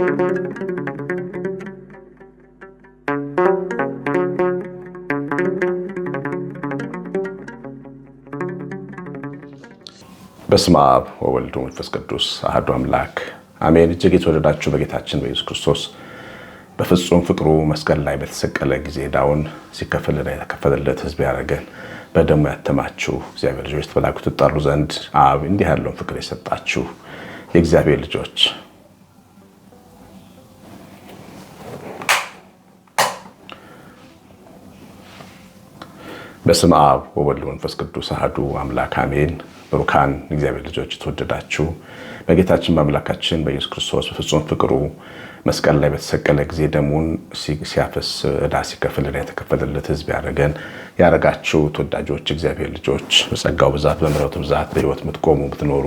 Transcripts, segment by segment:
በስመ አብ ወወልድ ወመንፈስ ቅዱስ አሐዱ አምላክ አሜን። እጅግ የተወደዳችሁ በጌታችን በኢየሱስ ክርስቶስ በፍጹም ፍቅሩ መስቀል ላይ በተሰቀለ ጊዜ ዕዳውን ሲከፍልና የተከፈለለት ሕዝብ ያደረገን በደሙ ያተማችሁ እግዚአብሔር ልጆች ተበላኩ ትጠሩ ዘንድ አብ እንዲህ ያለውን ፍቅር የሰጣችሁ የእግዚአብሔር ልጆች በስም አብ ወወልድ መንፈስ ቅዱስ አህዱ አምላክ አሜን። ብሩካን እግዚአብሔር ልጆች የተወደዳችሁ በጌታችን በአምላካችን በኢየሱስ ክርስቶስ በፍጹም ፍቅሩ መስቀል ላይ በተሰቀለ ጊዜ ደሙን ሲያፈስ ዕዳ ሲከፍልና የተከፈለለት ሕዝብ ያደረገን ያደረጋችሁ ተወዳጆች እግዚአብሔር ልጆች በጸጋው ብዛት በምሕረቱ ብዛት በሕይወት የምትቆሙ የምትኖሩ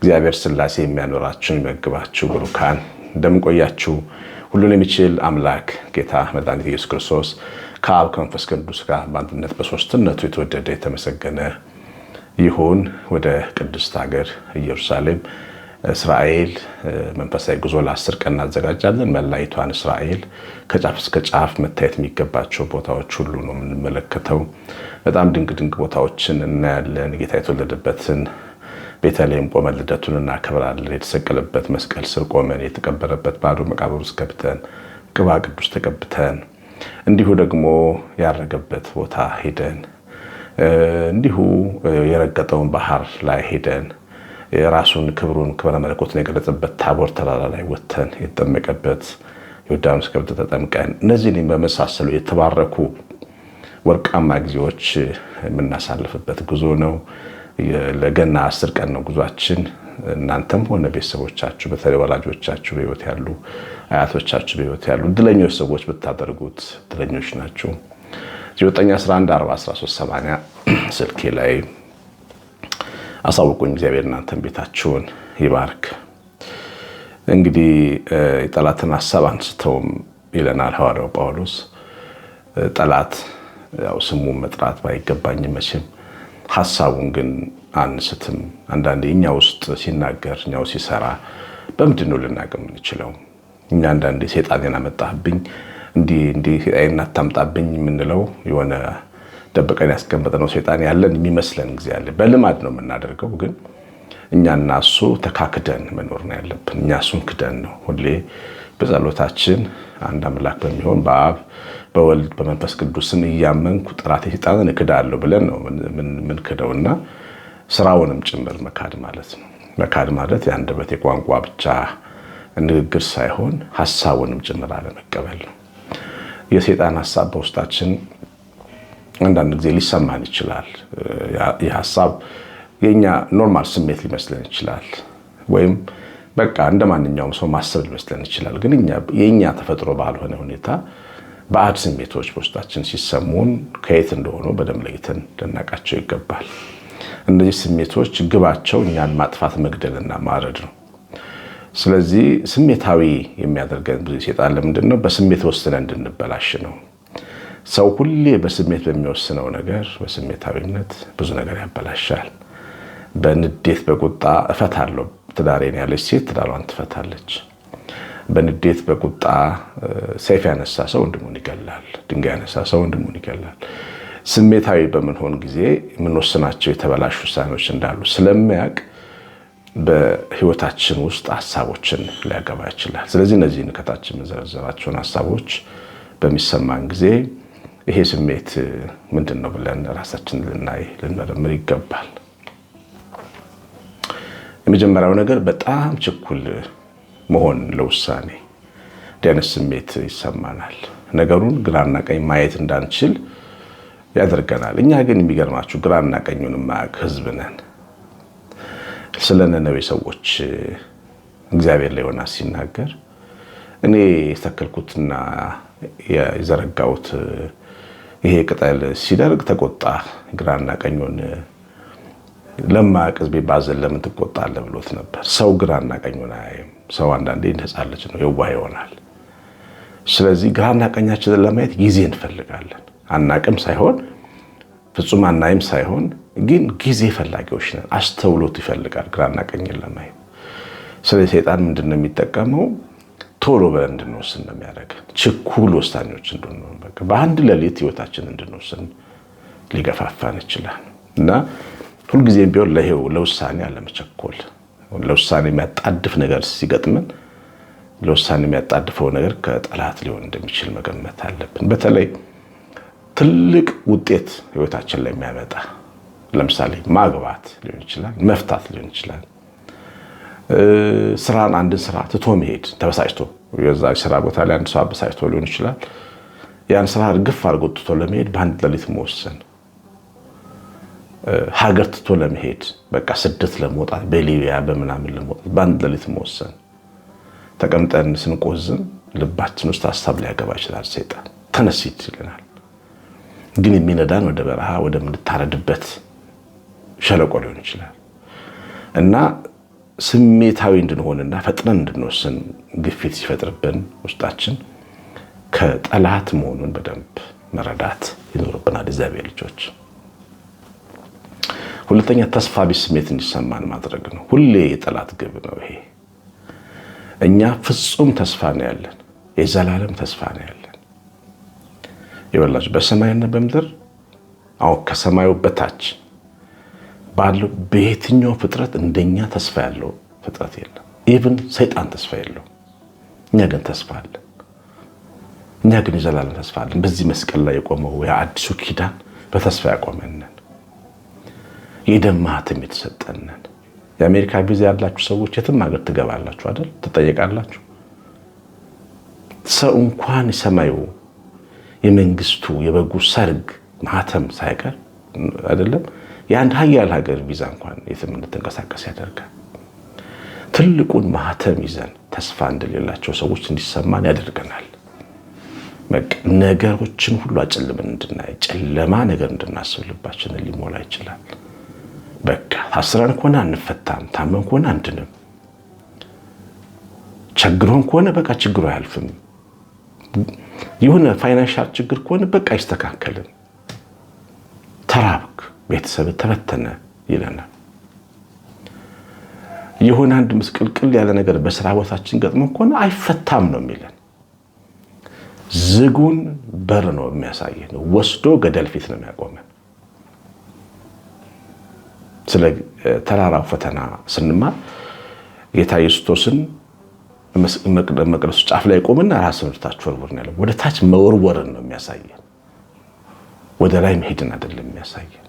እግዚአብሔር ሥላሴ የሚያኖራችሁ የሚመግባችሁ ብሩካን እንደምንቆያችሁ ሁሉን የሚችል አምላክ ጌታ መድኃኒት ኢየሱስ ክርስቶስ ከአብ ከመንፈስ ቅዱስ ጋር በአንድነት በሶስትነቱ የተወደደ የተመሰገነ ይሁን። ወደ ቅድስት ሀገር ኢየሩሳሌም እስራኤል መንፈሳዊ ጉዞ ለአስር ቀን እናዘጋጃለን። መላይቷን እስራኤል ከጫፍ እስከ ጫፍ መታየት የሚገባቸው ቦታዎች ሁሉ ነው የምንመለከተው። በጣም ድንቅ ድንቅ ቦታዎችን እናያለን። ጌታ የተወለደበትን ቤተልሔም ቆመን ልደቱን እናከብራለን። የተሰቀለበት መስቀል ስር ቆመን የተቀበረበት ባዶ መቃብር ውስጥ ገብተን ቅባ ቅዱስ ተቀብተን እንዲሁ ደግሞ ያረገበት ቦታ ሄደን እንዲሁ የረገጠውን ባህር ላይ ሄደን የራሱን ክብሩን ክብረ መለኮትን የገለጸበት ታቦር ተራራ ላይ ወጥተን የተጠመቀበት የዮርዳኖስ ገብተ ተጠምቀን እነዚህን በመሳሰሉ የተባረኩ ወርቃማ ጊዜዎች የምናሳልፍበት ጉዞ ነው። ለገና አስር ቀን ነው ጉዟችን። እናንተም ሆነ ቤተሰቦቻችሁ በተለይ ወላጆቻችሁ በህይወት ያሉ አያቶቻችሁ በህይወት ያሉ እድለኞች ሰዎች ብታደርጉት እድለኞች ናቸው። 9114138 ስልኬ ላይ አሳውቁኝ። እግዚአብሔር እናንተን ቤታችሁን ይባርክ። እንግዲህ የጠላትን ሀሳብ አንስተውም ይለናል ሐዋርያው ጳውሎስ። ጠላት ያው ስሙን መጥራት ባይገባኝም መቼም ሀሳቡን ግን አንስትም። አንዳንዴ እኛ ውስጥ ሲናገር እኛው ሲሰራ በምንድን ነው ልናቅ የምንችለው? እኛ አንዳንዴ ሴጣኔን አመጣህብኝ እንዲህ እንዲህ ሴጣኔን አታምጣብኝ የምንለው የሆነ ደበቀን ያስቀመጥነው ሴጣን ያለን የሚመስለን ጊዜ አለ። በልማድ ነው የምናደርገው ግን እኛና እሱ ተካክደን መኖር ነው ያለብን። እኛ እሱን ክደን ነው ሁሌ በጸሎታችን አንድ አምላክ በሚሆን በአብ በወልድ በመንፈስ ቅዱስም እያመንኩ ጠላቴ ሰይጣንን እክዳለሁ ብለን ነው ምንክደው እና ስራውንም ጭምር መካድ ማለት ነው። መካድ ማለት የአንደበት የቋንቋ ብቻ ንግግር ሳይሆን ሀሳቡንም ጭምር አለመቀበል ነው። የሰይጣን ሀሳብ በውስጣችን አንዳንድ ጊዜ ሊሰማን ይችላል። ይህ ሀሳብ የእኛ ኖርማል ስሜት ሊመስለን ይችላል ወይም በቃ እንደ ማንኛውም ሰው ማሰብ ሊመስለን ይችላል። ግን የእኛ ተፈጥሮ ባልሆነ ሁኔታ ባዕድ ስሜቶች በውስጣችን ሲሰሙን ከየት እንደሆኑ በደንብ ለይተን ልናቃቸው ይገባል። እነዚህ ስሜቶች ግባቸው እኛን ማጥፋት፣ መግደልና ማረድ ነው። ስለዚህ ስሜታዊ የሚያደርገን ብዙ ሴጣን ለምንድን ነው? በስሜት ወስነን እንድንበላሽ ነው። ሰው ሁሌ በስሜት በሚወስነው ነገር በስሜታዊነት ብዙ ነገር ያበላሻል። በንዴት በቁጣ እፈታለሁ ትዳሬን ያለች ሴት ትዳሯን ትፈታለች። በንዴት በቁጣ ሰይፍ ያነሳ ሰው ወንድሙን ይገላል። ድንጋይ ያነሳ ሰው ወንድሙን ይገላል። ስሜታዊ በምንሆን ጊዜ የምንወስናቸው የተበላሹ ውሳኔዎች እንዳሉ ስለሚያውቅ በህይወታችን ውስጥ ሀሳቦችን ሊያገባ ይችላል። ስለዚህ እነዚህን ከታች የምንዘረዘራቸውን ሀሳቦች በሚሰማን ጊዜ ይሄ ስሜት ምንድን ነው ብለን ራሳችን ልናይ ልንመረምር ይገባል። የመጀመሪያው ነገር በጣም ችኩል መሆን ለውሳኔ እንዲህ ስሜት ይሰማናል። ነገሩን ግራና ቀኝ ማየት እንዳንችል ያደርገናል። እኛ ግን የሚገርማችሁ ግራና ቀኙን የማያውቅ ህዝብ ነን። ስለ ነነዌ ሰዎች እግዚአብሔር ላይ ሆና ሲናገር እኔ የተከልኩትና የዘረጋሁት ይሄ ቅጠል ሲደርግ ተቆጣ ግራና ቀኙን ለማያውቅ ህዝቤ ባዘን ለምን ትቆጣለህ ብሎት ነበር። ሰው ግራና ቀኙን አያይም። ሰው አንዳንዴ እንደጻለች ነው የዋህ ይሆናል። ስለዚህ ግራና ቀኛችንን ለማየት ጊዜ እንፈልጋለን። አናቅም ሳይሆን ፍጹም አናይም ሳይሆን ግን ጊዜ ፈላጊዎች ነን። አስተውሎት ይፈልጋል ግራና ቀኝን ለማየት። ስለዚህ ሰይጣን ምንድን ነው የሚጠቀመው? ቶሎ ብለን እንድንወስን ነው የሚያደርገን። ችኩል ወሳኞች እንድንሆን፣ በአንድ ሌሊት ህይወታችን እንድንወስን ሊገፋፋን ይችላል እና ሁልጊዜም ቢሆን ለይው ለውሳኔ አለመቸኮል፣ ለውሳኔ የሚያጣድፍ ነገር ሲገጥምን ለውሳኔ የሚያጣድፈው ነገር ከጠላት ሊሆን እንደሚችል መገመት አለብን። በተለይ ትልቅ ውጤት ህይወታችን ላይ የሚያመጣ ለምሳሌ ማግባት ሊሆን ይችላል፣ መፍታት ሊሆን ይችላል፣ ስራን አንድን ስራ ትቶ መሄድ ተበሳጭቶ የዛ ስራ ቦታ ላይ አንድ ሰው አበሳጭቶ ሊሆን ይችላል። ያን ስራ ግፍ አድርጎ ትቶ ለመሄድ በአንድ ሌሊት መወሰን ሀገር ትቶ ለመሄድ በቃ ስደት ለመውጣት በሊቢያ በምናምን ለመውጣት በአንድ ሌሊት መወሰን ተቀምጠን ስንቆዝም ልባችን ውስጥ ሀሳብ ሊያገባ ይችላል። ሰይጣን ተነሲት ይለናል። ግን የሚነዳን ወደ በረሃ ወደምንታረድበት ሸለቆ ሊሆን ይችላል እና ስሜታዊ እንድንሆንና ፈጥነን እንድንወስን ግፊት ሲፈጥርብን ውስጣችን ከጠላት መሆኑን በደንብ መረዳት ይኖርብናል። እግዚአብሔር ልጆች ሁለተኛ ተስፋ ቢስ ስሜት እንዲሰማን ማድረግ ነው። ሁሌ የጠላት ግብ ነው ይሄ። እኛ ፍጹም ተስፋ ነው ያለን፣ የዘላለም ተስፋ ነው ያለን። ይኸውላችሁ በሰማይና በምድር አሁን ከሰማዩ በታች ባለው በየትኛው ፍጥረት እንደኛ ተስፋ ያለው ፍጥረት የለም። ኢቭን ሰይጣን ተስፋ የለው። እኛ ግን ተስፋ አለን። እኛ ግን የዘላለም ተስፋ አለን። በዚህ መስቀል ላይ የቆመው የአዲሱ ኪዳን በተስፋ ያቆመንን የደም ማህተም የተሰጠንን። የአሜሪካ ቪዛ ያላችሁ ሰዎች የትም ሀገር ትገባላችሁ አይደል? ትጠየቃላችሁ። ሰው እንኳን የሰማዩ የመንግስቱ የበጉ ሰርግ ማህተም ሳይቀር አይደለም የአንድ ሀያል ሀገር ቪዛ እንኳን የትም እንድትንቀሳቀስ ያደርጋል። ትልቁን ማህተም ይዘን ተስፋ እንደሌላቸው ሰዎች እንዲሰማን ያደርገናል። ነገሮችን ሁሉ አጨልምን እንድናይ ጨለማ ነገር እንድናስብ ሊሞላ ይችላል። በቃ አስራን ከሆነ አንፈታም፣ ታመን ከሆነ አንድንም፣ ቸግሮን ከሆነ በቃ ችግሩ አያልፍም፣ የሆነ ፋይናንሻል ችግር ከሆነ በቃ አይስተካከልም፣ ተራብክ፣ ቤተሰብ ተበተነ ይለናል። የሆነ አንድ ምስቅልቅል ያለ ነገር በስራ ቦታችን ገጥሞ ከሆነ አይፈታም ነው የሚለን። ዝጉን በር ነው የሚያሳየን። ወስዶ ገደል ፊት ነው የሚያቆመን። ስለ ተራራው ፈተና ስንማር ጌታ ኢየሱስን መቅደሱ ጫፍ ላይ ቆምና ራስ ምርታችሁ ወርውር ነው ያለው። ወደ ታች መወርወርን ነው የሚያሳየን፣ ወደ ላይ መሄድን አይደለም የሚያሳየን።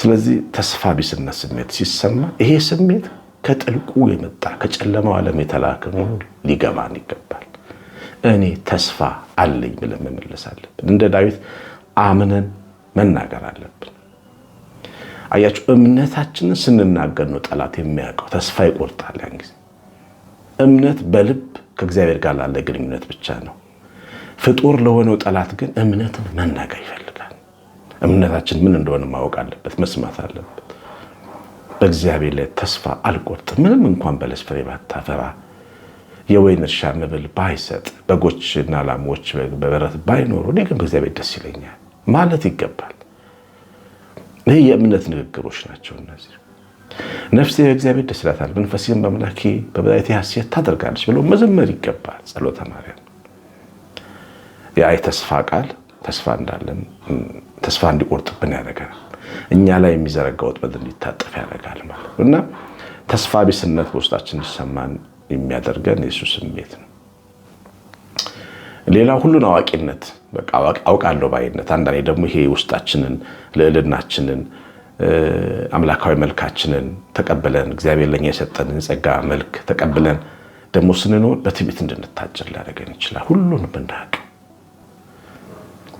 ስለዚህ ተስፋ ቢስነት ስሜት ሲሰማ ይሄ ስሜት ከጥልቁ የመጣ ከጨለማው ዓለም የተላከ መሆኑ ሊገባን ይገባል። እኔ ተስፋ አለኝ ብለን መመለስ አለብን። እንደ ዳዊት አምነን መናገር አለብን። አያችሁ፣ እምነታችንን ስንናገር ነው ጠላት የሚያውቀው። ተስፋ ይቆርጣል። ያን ጊዜ እምነት በልብ ከእግዚአብሔር ጋር ላለ ግንኙነት ብቻ ነው። ፍጡር ለሆነው ጠላት ግን እምነትን መናገር ይፈልጋል። እምነታችን ምን እንደሆነ ማወቅ አለበት፣ መስማት አለበት። በእግዚአብሔር ላይ ተስፋ አልቆርጥም። ምንም እንኳን በለስ ፍሬ ባታፈራ፣ የወይን እርሻ መብል ባይሰጥ፣ በጎችና ላሞች በበረት ባይኖሩ፣ እኔ ግን በእግዚአብሔር ደስ ይለኛል ማለት ይገባል። ይህ የእምነት ንግግሮች ናቸው። እነዚህ ነፍሴ በእግዚአብሔር ደስ ይላታል፣ መንፈሴም በአምላኬ በመድኃኒቴ ሐሴት ታደርጋለች ብሎ መዘመር ይገባል። ጸሎተ ማርያም ያ የተስፋ ቃል ተስፋ እንዳለን ተስፋ እንዲቆርጥብን ያደርገናል። እኛ ላይ የሚዘረጋ ወጥመድ እንዲታጠፍ ያደርጋል ማለት ነው እና ተስፋ ቢስነት በውስጣችን እንዲሰማን የሚያደርገን የሱ ስሜት ነው። ሌላ ሁሉን አዋቂነት አውቃለሁ ባይነት፣ አንዳንዴ ደግሞ ይሄ ውስጣችንን ልዕልናችንን አምላካዊ መልካችንን ተቀብለን እግዚአብሔር ለኛ የሰጠንን ጸጋ መልክ ተቀብለን ደግሞ ስንኖር በትዕቢት እንድንታጭር ሊያደርገን ይችላል። ሁሉን ብናቅ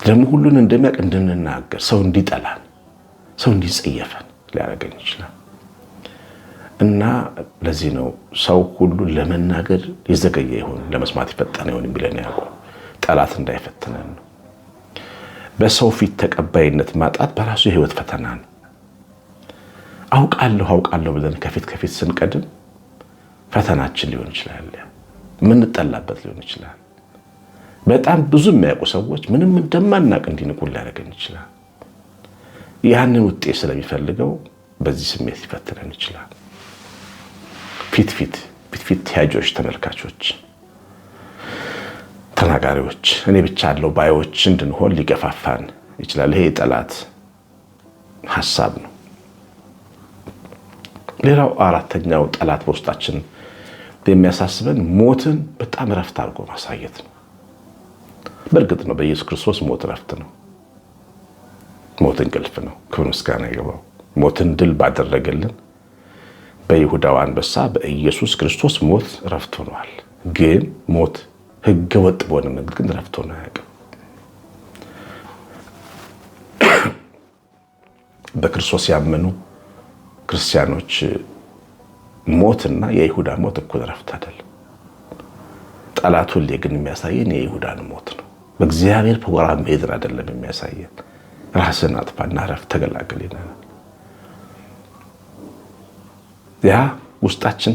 ደግሞ ሁሉን እንደሚያውቅ እንድንናገር ሰው እንዲጠላን ሰው እንዲጸየፈን ሊያደርገን ይችላል እና ለዚህ ነው ሰው ሁሉ ለመናገር የዘገየ ይሆን ለመስማት የፈጠነ ይሆን የሚለን ያውቁ ጠላት እንዳይፈትነን ነው። በሰው ፊት ተቀባይነት ማጣት በራሱ የህይወት ፈተና ነው። አውቃለሁ አውቃለሁ ብለን ከፊት ከፊት ስንቀድም ፈተናችን ሊሆን ይችላል። የምንጠላበት ሊሆን ይችላል። በጣም ብዙ የሚያውቁ ሰዎች ምንም እንደማናቅ እንዲንቁ ሊያደርገን ይችላል። ያንን ውጤት ስለሚፈልገው በዚህ ስሜት ሊፈትነን ይችላል። ፊትፊት ፊትፊት ተያጆች ተመልካቾች ተናጋሪዎች፣ እኔ ብቻ አለው ባዮች እንድንሆን ሊገፋፋን ይችላል። ይሄ የጠላት ሀሳብ ነው። ሌላው አራተኛው ጠላት በውስጣችን የሚያሳስበን ሞትን በጣም እረፍት አድርጎ ማሳየት ነው። በእርግጥ ነው በኢየሱስ ክርስቶስ ሞት እረፍት ነው። ሞት እንቅልፍ ነው። ክብር ምስጋና ይገባው። ሞትን ድል ባደረገልን በይሁዳው አንበሳ በኢየሱስ ክርስቶስ ሞት እረፍት ሆኗል። ግን ሞት ህገ ወጥ በሆነ መንገድ ግን ረፍቶ ነው አያውቅም። በክርስቶስ ያመኑ ክርስቲያኖች ሞትና የይሁዳ ሞት እኩል ረፍት አይደለም። ጠላት ሁሌ ግን የሚያሳየን የይሁዳን ሞት ነው። በእግዚአብሔር ፕሮግራም መሄድን አይደለም የሚያሳየን። ራስን አጥፋና ረፍት ተገላገል ይለናል። ያ ውስጣችን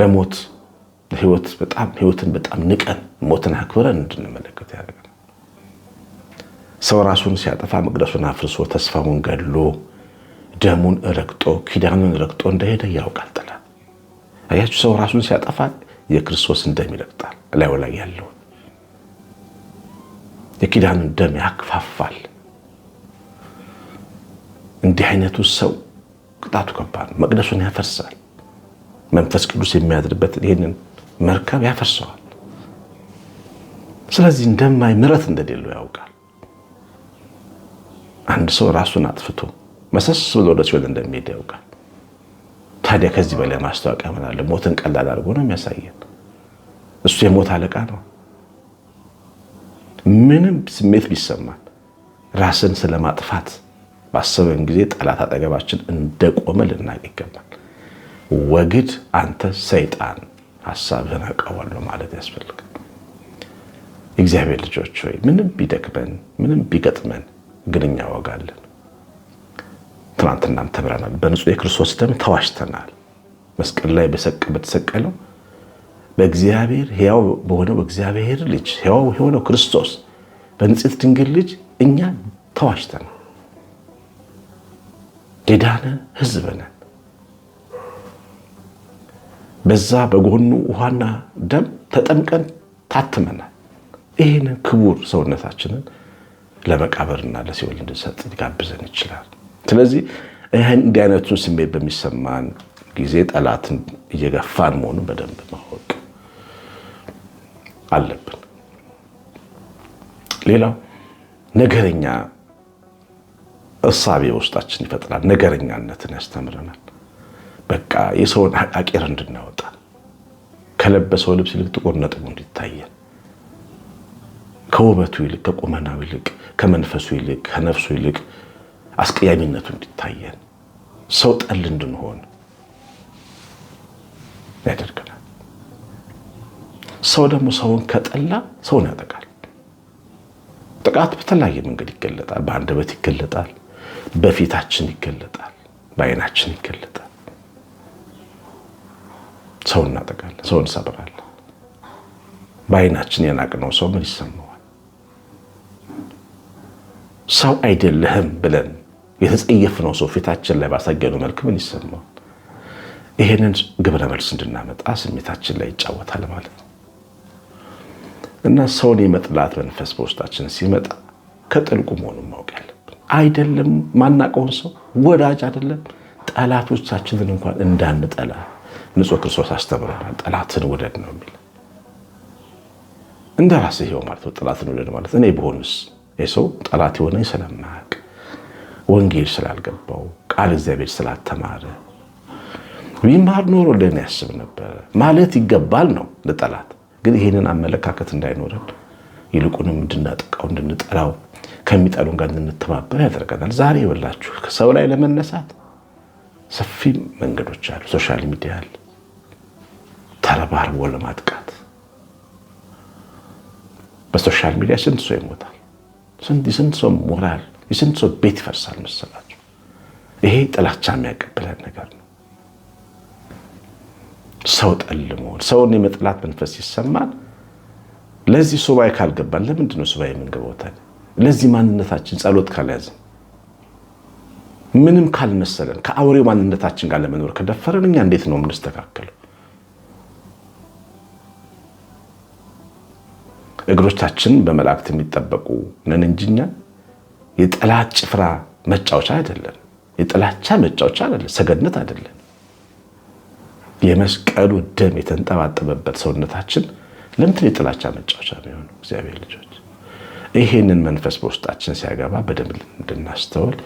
ለሞት ለህይወት በጣም ህይወትን በጣም ንቀን ሞትን አክብረን እንድንመለከት ያደርጋል። ሰው ራሱን ሲያጠፋ መቅደሱን አፍርሶ ተስፋውን ገሎ ደሙን ረግጦ ኪዳኑን ረግጦ እንደሄደ ያውቃል ጥላት። አያችሁ ሰው ራሱን ሲያጠፋ የክርስቶስን ደም ይረግጣል። ላዩ ላይ ያለውን የኪዳኑን ደም ያክፋፋል። እንዲህ አይነቱ ሰው ቅጣቱ ከባድ ነው። መቅደሱን ያፈርሳል። መንፈስ ቅዱስ የሚያድርበት ይህንን መርከብ ያፈርሰዋል። ስለዚህ እንደማይ ምረት እንደሌለው ያውቃል። አንድ ሰው ራሱን አጥፍቶ መሰስ ብሎ ወደ ሲኦል እንደሚሄድ ያውቃል። ታዲያ ከዚህ በላይ ማስታወቂያ ምን አለ? ሞትን ቀላል አድርጎ ነው የሚያሳየን። እሱ የሞት አለቃ ነው። ምንም ስሜት ቢሰማን ራስን ስለማጥፋት ባሰበን ጊዜ ጠላት አጠገባችን እንደቆመ ልናቅ ይገባል። ወግድ አንተ ሰይጣን ሀሳብህን አውቀዋለሁ ማለት ያስፈልጋል። እግዚአብሔር ልጆች ሆይ ምንም ቢደክመን ምንም ቢገጥመን ግን እኛ ዋጋ ትናንትናም ተምረናል። በንጹህ የክርስቶስ ደም ተዋሽተናል። መስቀል ላይ በተሰቀለው በእግዚአብሔር ሕያው በሆነው እግዚአብሔር ልጅ ሕያው የሆነው ክርስቶስ በንጽሕት ድንግል ልጅ እኛ ተዋሽተናል። የዳነ ሕዝብ ነን። በዛ በጎኑ ውሃና ደም ተጠምቀን ታትመናል። ይህንን ክቡር ሰውነታችንን ለመቃበርና ለሲኦል እንድንሰጥ ሊጋብዘን ይችላል። ስለዚህ ይህን እንዲህ አይነቱን ስሜት በሚሰማን ጊዜ ጠላትን እየገፋን መሆኑን በደንብ ማወቅ አለብን። ሌላው ነገረኛ እሳቤ ውስጣችን ይፈጥራል። ነገረኛነትን ያስተምረናል። በቃ የሰውን አቂር እንድናወጣ ከለበሰው ልብስ ይልቅ ጥቁር ነጥቡ እንዲታየን ከውበቱ ይልቅ ከቁመናው ይልቅ ከመንፈሱ ይልቅ ከነፍሱ ይልቅ አስቀያሚነቱ እንዲታየን ሰው ጠል እንድንሆን ያደርገናል። ሰው ደግሞ ሰውን ከጠላ ሰውን ያጠቃል። ጥቃት በተለያየ መንገድ ይገለጣል። በአንደበት ይገለጣል፣ በፊታችን ይገለጣል፣ በአይናችን ይገለጣል። ሰው እናጠቃለን፣ ሰው እንሰብራለን። በአይናችን የናቅነው ሰው ምን ይሰማዋል? ሰው አይደለህም ብለን የተጸየፍነው ሰው ፊታችን ላይ ባሳየነው መልክ ምን ይሰማዋል? ይሄንን ግብረ መልስ እንድናመጣ ስሜታችን ላይ ይጫወታል ማለት ነው። እና ሰውን የመጥላት መንፈስ በውስጣችን ሲመጣ ከጥልቁ መሆኑን ማወቅ ያለብን አይደለም። ማናቀውን ሰው ወዳጅ አይደለም ጠላቶቻችንን እንኳን እንዳንጠላ ንጹህ ክርስቶስ አስተምረናል። ጠላትን ውደድ ነው የሚል እንደ ራስህ ይኸው ማለት ነው። ጠላትን ውደድ ማለት እኔ በሆንስ ይህ ሰው ጠላት የሆነ ስለማያውቅ ወንጌል ስላልገባው ቃል እግዚአብሔር ስላልተማረ ቢማር ኖሮ ለእኔ ያስብ ነበረ ማለት ይገባል ነው ለጠላት ግን ይህንን አመለካከት እንዳይኖረን ይልቁንም እንድናጠቃው እንድንጠላው ከሚጠሉን ጋር እንድንተባበር ያደርገናል። ዛሬ ይኸውላችሁ ሰው ላይ ለመነሳት ሰፊ መንገዶች አሉ። ሶሻል ሚዲያ አለ። አባርቦ ለማጥቃት በሶሻል ሚዲያ ስንት ሰው ይሞታል? የስንት ሰው ሞራል፣ የስንት ሰው ቤት ይፈርሳል መሰላቸው? ይሄ ጥላቻ የሚያቀብለን ነገር ነው። ሰው ጠል መሆን፣ ሰውን የመጥላት መንፈስ ይሰማል። ለዚህ ሱባኤ ካልገባን ለምንድን ነው ሱባኤ የምንገባው ታዲያ? ለዚህ ማንነታችን ጸሎት ካልያዝን ምንም ካልመሰለን ከአውሬው ማንነታችን ጋር ለመኖር ከደፈረን እኛ እንዴት ነው የምንስተካከለው? እግሮቻችን በመላእክት የሚጠበቁ ነን እንጂ እኛ የጠላት ጭፍራ መጫወቻ አይደለን። የጥላቻ መጫወቻ አይደለን። ሰገነት አይደለን። የመስቀሉ ደም የተንጠባጠበበት ሰውነታችን ለምትን የጥላቻ መጫወቻ የሚሆኑ እግዚአብሔር ልጆች ይሄንን መንፈስ በውስጣችን ሲያገባ በደንብ እንድናስተውል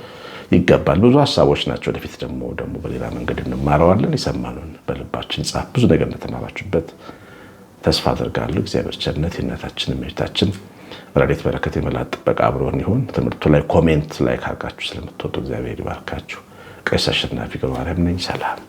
ይገባል። ብዙ ሀሳቦች ናቸው። ወደፊት ደግሞ ደግሞ በሌላ መንገድ እንማረዋለን። የሰማነውን በልባችን ጻፍ። ብዙ ነገር እንደተማራችሁበት ተስፋ አድርጋለሁ። እግዚአብሔር ቸርነት የእናታችን እመቤታችን ረድኤት በረከት የመላ ጥበቃ አብሮን ይሁን። ትምህርቱ ላይ ኮሜንት ላይ ካርጋችሁ ስለምትወጡ እግዚአብሔር ይባርካችሁ። ቄስ አሸናፊ ገብረማርያም ነኝ። ሰላም